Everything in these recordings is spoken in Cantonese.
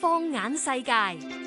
放眼世界。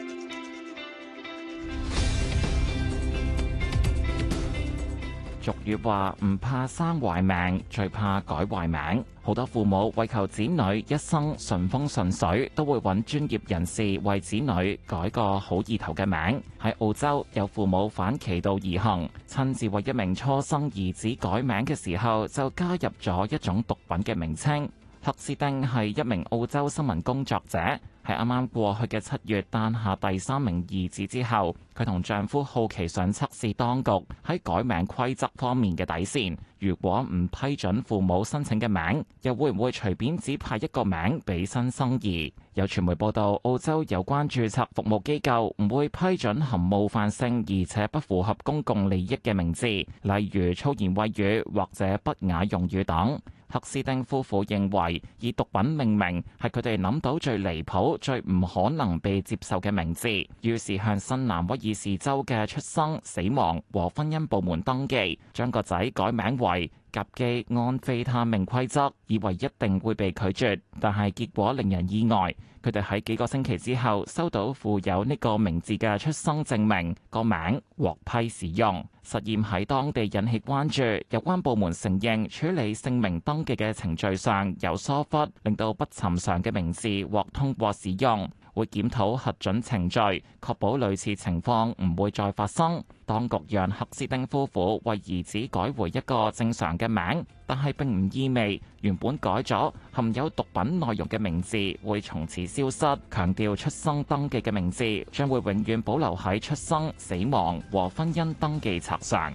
俗語話唔怕生壞命，最怕改壞名。好多父母為求子女一生順風順水，都會揾專業人士為子女改個好意頭嘅名。喺澳洲，有父母反其道而行，親自為一名初生兒子改名嘅時候，就加入咗一種毒品嘅名稱。赫斯丁係一名澳洲新聞工作者。喺啱啱過去嘅七月誕下第三名兒子之後，佢同丈夫好奇想測試當局喺改名規則方面嘅底線。如果唔批准父母申請嘅名，又會唔會隨便指派一個名俾新生兒？有傳媒報道，澳洲有關註冊服務機構唔會批准含冒犯性而且不符合公共利益嘅名字，例如粗言穢語或者不雅用語等。赫斯汀夫婦認為以毒品命名係佢哋諗到最離譜、最唔可能被接受嘅名字，於是向新南威爾士州嘅出生、死亡和婚姻部門登記，將個仔改名為。及記安非他命規則，以為一定會被拒絕，但係結果令人意外。佢哋喺幾個星期之後收到附有呢個名字嘅出生證明，個名獲批使用。實驗喺當地引起關注，有關部門承認處理姓名登記嘅程序上有疏忽，令到不尋常嘅名字獲通過使用。會檢討核准程序，確保類似情況唔會再發生。當局讓赫斯丁夫婦為兒子改回一個正常嘅名，但係並唔意味原本改咗含有毒品內容嘅名字會從此消失。強調出生登記嘅名字將會永遠保留喺出生、死亡和婚姻登記冊上。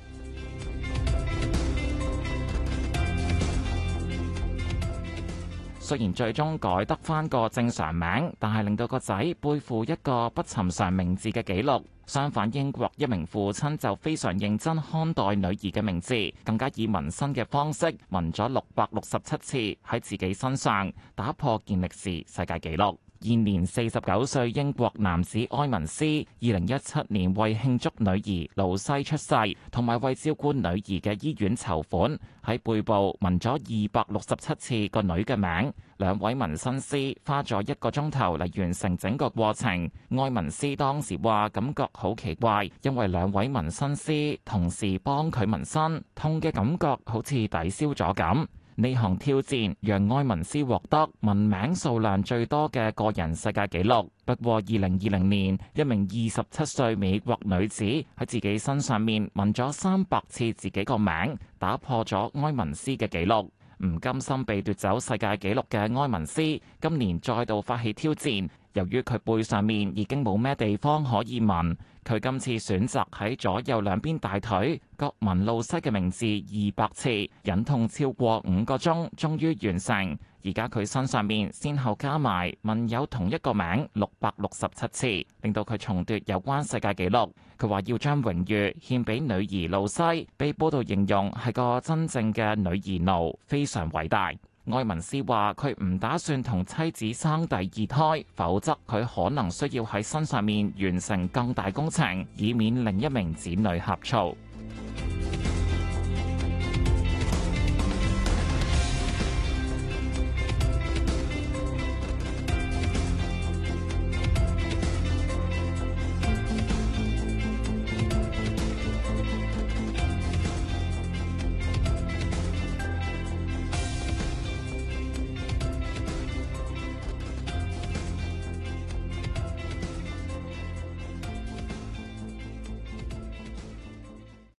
雖然最終改得翻個正常名，但係令到個仔背負一個不尋常名字嘅紀錄。相反，英國一名父親就非常認真看待女兒嘅名字，更加以紋身嘅方式紋咗六百六十七次喺自己身上，打破健力士世界紀錄。現年四十九歲英國男子埃文斯，二零一七年為慶祝女兒露西出世，同埋為照顧女兒嘅醫院籌款，喺背部紋咗二百六十七次個女嘅名。兩位紋身師花咗一個鐘頭嚟完成整個過程。埃文斯當時話感覺好奇怪，因為兩位紋身師同時幫佢紋身，痛嘅感覺好似抵消咗咁。呢項挑戰讓埃文斯獲得文名數量最多嘅個人世界紀錄。不過，二零二零年一名二十七歲美國女子喺自己身上面紋咗三百次自己個名，打破咗埃文斯嘅紀錄。唔甘心被奪走世界紀錄嘅埃文斯，今年再度發起挑戰。由於佢背上面已經冇咩地方可以紋，佢今次選擇喺左右兩邊大腿各紋露西嘅名字二百次，忍痛超過五個鐘，終於完成。而家佢身上面先後加埋紋有同一個名六百六十七次，令到佢重奪有關世界紀錄。佢話要將榮譽獻俾女兒露西，被報道形容係個真正嘅女兒奴，非常偉大。愛文斯話，佢唔打算同妻子生第二胎，否則佢可能需要喺身上面完成更大工程，以免另一名子女呷醋。